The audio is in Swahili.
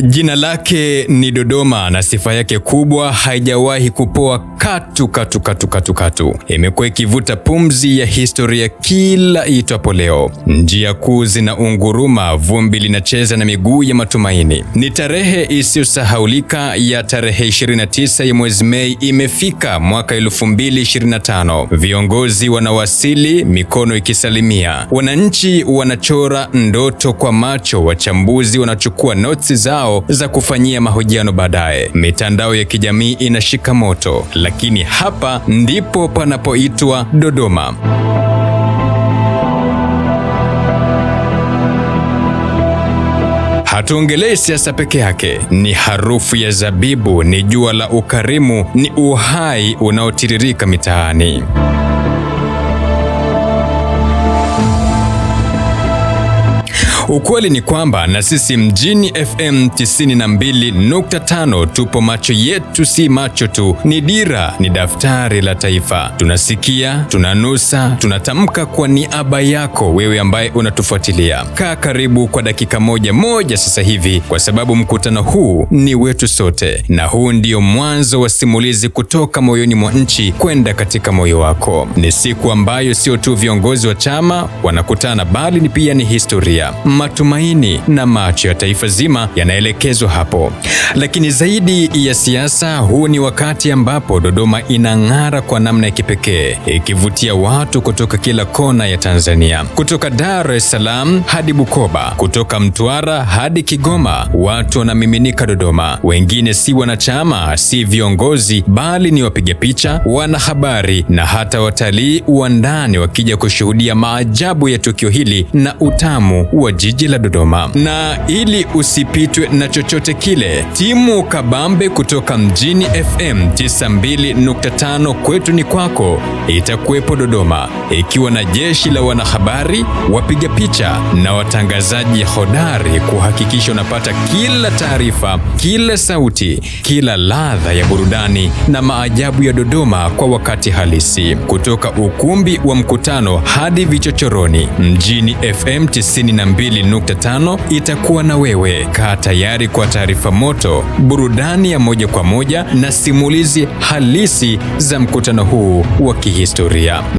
Jina lake ni Dodoma na sifa yake kubwa haijawahi kupoa katu katu katu katu katu. Imekuwa ikivuta pumzi ya historia kila itwapo leo. Njia kuu zina unguruma, vumbi linacheza na miguu ya matumaini. Ni tarehe isiyosahaulika ya tarehe 29 ya mwezi Mei, imefika mwaka 2025. Viongozi wanawasili, mikono ikisalimia, wananchi wanachora ndoto kwa macho, wachambuzi wanachukua notes zao zao za kufanyia mahojiano baadaye. Mitandao ya kijamii inashika moto, lakini hapa ndipo panapoitwa Dodoma. Hatuongelei siasa peke yake. Ni harufu ya zabibu, ni jua la ukarimu, ni uhai unaotiririka mitaani. Ukweli ni kwamba na sisi Mjini FM 92.5 tupo, macho yetu si macho tu, ni dira, ni daftari la taifa. Tunasikia, tunanusa, tunatamka kwa niaba yako wewe ambaye unatufuatilia. Kaa karibu kwa dakika moja moja sasa hivi, kwa sababu mkutano huu ni wetu sote, na huu ndio mwanzo wa simulizi kutoka moyoni mwa nchi kwenda katika moyo wako. Ni siku ambayo sio tu viongozi wa chama wanakutana, bali ni pia ni historia matumaini na macho ya taifa zima yanaelekezwa hapo. Lakini zaidi ya siasa, huu ni wakati ambapo Dodoma inang'ara kwa namna ya kipekee, ikivutia watu kutoka kila kona ya Tanzania, kutoka Dar es Salaam hadi Bukoba, kutoka Mtwara hadi Kigoma. Watu wanamiminika Dodoma, wengine si wanachama, si viongozi, bali ni wapiga picha, wanahabari na hata watalii wa ndani, wakija kushuhudia maajabu ya tukio hili na utamu wa jiji jiji la Dodoma. Na ili usipitwe na chochote kile, timu kabambe kutoka Mjini FM 92.5 kwetu ni kwako itakuwepo Dodoma, ikiwa na jeshi la wanahabari, wapiga picha na watangazaji hodari kuhakikisha unapata kila taarifa, kila sauti, kila ladha ya burudani na maajabu ya Dodoma kwa wakati halisi, kutoka ukumbi wa mkutano hadi vichochoroni. Mjini FM 92 202.5 itakuwa na wewe. Kaa tayari kwa taarifa moto, burudani ya moja kwa moja na simulizi halisi za mkutano huu wa kihistoria.